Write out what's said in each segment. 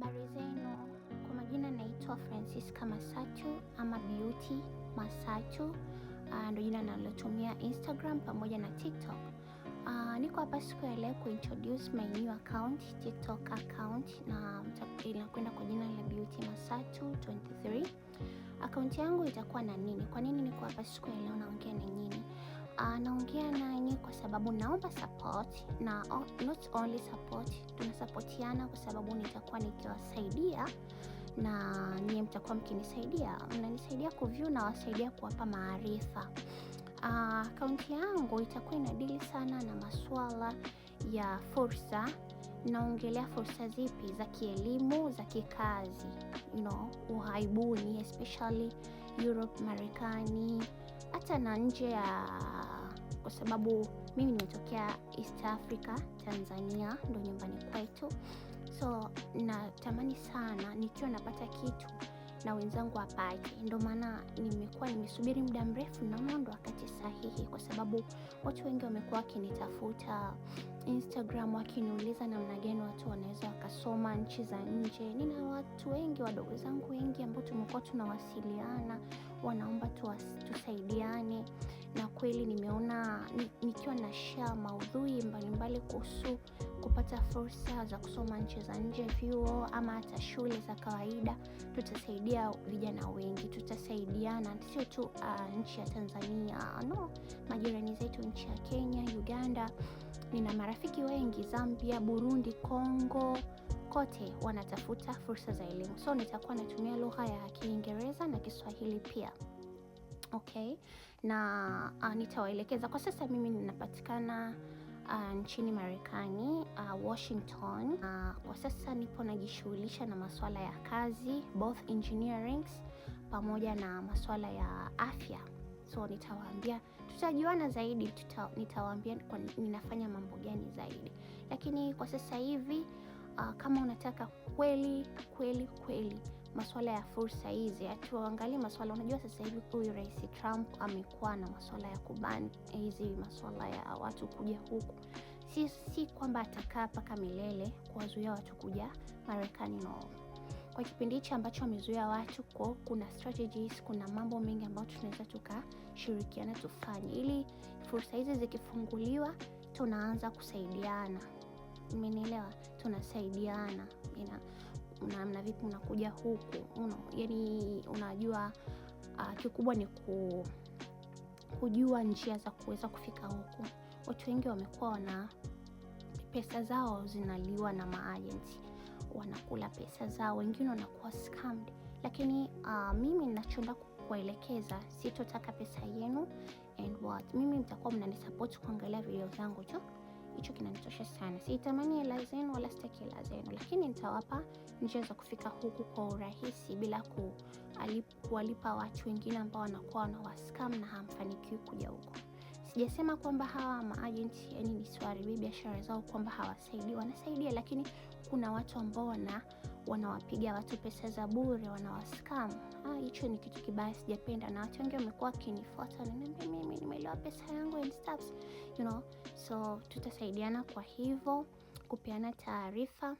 Habari zenu. Kwa majina naitwa Francisca Masatu ama Beauty Masatu, ah, ndo jina nalotumia Instagram pamoja na TikTok. Uh, niko hapa siku ya leo kuintroduce my new account, TikTok account na inakwenda kwa jina la Beauty Masatu 23. Akaunti yangu itakuwa na nini? Kwa nini niko hapa siku ya leo naongea na nyinyi? Uh, naongea nanyi kwa sababu naomba support na not only support, tunasapotiana kwa sababu nitakuwa nikiwasaidia na nyie mtakuwa mkinisaidia, mnanisaidia kuvyu na wasaidia kuwapa maarifa. Ah, akaunti uh, yangu itakuwa inadili sana na masuala ya fursa. Naongelea fursa zipi za kielimu, za kikazi, you know, uhaibuni especially Europe, Marekani hata na nje ya kwa sababu mimi nimetokea East Africa, Tanzania ndo nyumbani kwetu, so natamani sana nikiwa napata kitu na wenzangu wapate. Ndio maana nimekuwa nimesubiri muda mrefu, naona ndo wakati sahihi, kwa sababu watu wengi wamekuwa wakinitafuta Instagram wakiniuliza namna gani watu wanaweza wakasoma nchi za nje. Nina watu wengi wadogo zangu wengi ambao tumekuwa tunawasiliana, wanaomba tuwas, tusaidiane na kweli nimeona nikiwa na share maudhui mbalimbali kuhusu kupata fursa za kusoma nchi za nje, vyuo ama hata shule za kawaida, tutasaidia vijana wengi, tutasaidiana sio tu uh, nchi ya Tanzania no, majirani zetu nchi ya Kenya, Uganda, nina marafiki wengi Zambia, Burundi, Kongo kote wanatafuta fursa za elimu, so nitakuwa natumia lugha ya Kiingereza na Kiswahili pia okay, na uh, nitawaelekeza kwa sasa. Mimi ninapatikana uh, nchini Marekani uh, Washington. Uh, kwa sasa nipo najishughulisha na masuala ya kazi both engineering pamoja na masuala ya afya, so nitawaambia, tutajuana zaidi tuta, nitawaambia kwa ninafanya mambo gani zaidi, lakini kwa sasa hivi uh, kama unataka kweli kweli kweli masuala ya fursa hizi, atuangalie masuala. Unajua, sasa hivi huyu Rais Trump amekuwa na masuala ya kubani hizi masuala ya watu kuja huku, si, si kwamba atakaa mpaka milele kuwazuia watu kuja Marekani no. Kwa kipindi hichi ambacho amezuia watu kwa, kuna strategies, kuna mambo mengi ambayo tunaweza tukashirikiana tufanye, ili fursa hizi zikifunguliwa, tunaanza kusaidiana. Umenielewa? Tunasaidiana namna vipi unakuja huku una, yani unajua uh, kikubwa ni ku, kujua njia za kuweza kufika huku. Watu wengi wamekuwa wana pesa zao zinaliwa na maagenti, wanakula pesa zao, wengine wanakuwa scammed. Lakini uh, mimi ninachoenda kuelekeza sitotaka pesa yenu and what, mimi mtakuwa mnanisupport kuangalia video zangu tu hicho kinanitosha sana. Siitamani hela zenu wala sitaki hela zenu, lakini nitawapa njia za kufika huku kwa urahisi bila kuwalipa watu wengine ambao wanakuwa wanawaskam na hamfanikiwi kuja huku sijasema kwamba hawa maagent yani ni swaribi biashara zao kwamba hawasaidii, wanasaidia, lakini kuna watu ambao wana wanawapiga watu pesa za bure, wanawascam. Ah, Hicho ni kitu kibaya, sijapenda, na watu wengi wamekuwa wakinifuata wananiambia mimi nimeelewa pesa yangu and stuff, you know. So tutasaidiana kwa hivyo kupeana taarifa.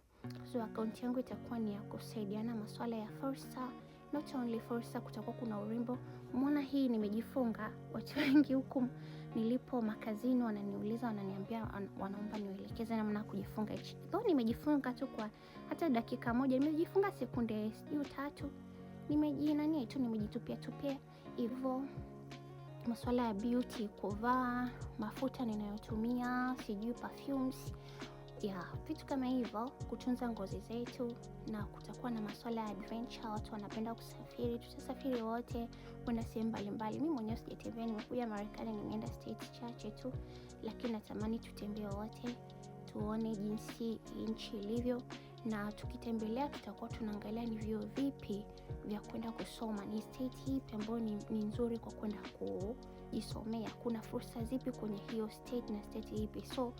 So akaunti yangu itakuwa ni ya kusaidiana masuala ya fursa not only fursa, kutakuwa kuna urembo. Mwona hii nimejifunga, watu wengi huku nilipo makazini wananiuliza, wananiambia, wanaomba niwaelekeze namna kujifunga hichi. Though nimejifunga tu kwa hata dakika moja, nimejifunga sekunde sijui tatu, nimejinania tu, nimejitupia tupia hivyo. Masuala ya beauty, kuvaa mafuta ninayotumia, sijui perfumes ya vitu kama hivyo, kutunza ngozi zetu, na kutakuwa na maswala ya adventure. Watu wanapenda kusafiri, tutasafiri wote kwenda sehemu mbalimbali. Mi mwenyewe sijatembea, nimekuja Marekani, nimeenda state chache tu, lakini natamani tutembee wote, tuone jinsi nchi ilivyo, na tukitembelea tutakuwa tunaangalia ni vyuo vipi vya kwenda kusoma, ni state ipi ambayo ni, ni nzuri kwa kwenda ku kujisomea kuna fursa zipi kwenye hiyo state na state ipi. So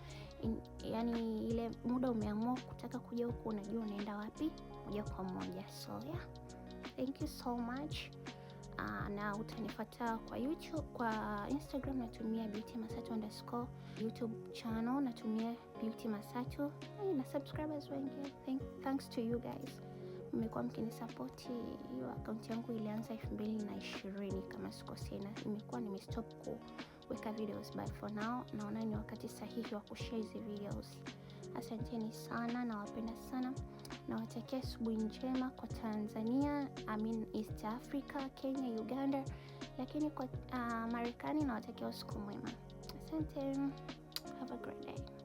in, yani ile muda umeamua kutaka kuja huku, unajua unaenda wapi moja kwa moja. So yeah, thank you so much. Uh, na utanifuata kwa YouTube, kwa Instagram natumia Beauty Masatu underscore, YouTube channel natumia Beauty Masatu na subscribers wengi. Thank, thanks to you guys mmekuwa mkinisapoti. Hiyo akaunti yangu ilianza elfu mbili na ishirini kama sikosei, na imekuwa nimestop kuweka videos, but for now naona ni wakati sahihi wa kushare hizi videos. Asanteni sana, nawapenda sana, nawatakia asubuhi njema kwa Tanzania, I mean East Africa, Kenya, Uganda, lakini kwa uh, Marekani nawatakia usiku mwema. Asante, have a great day.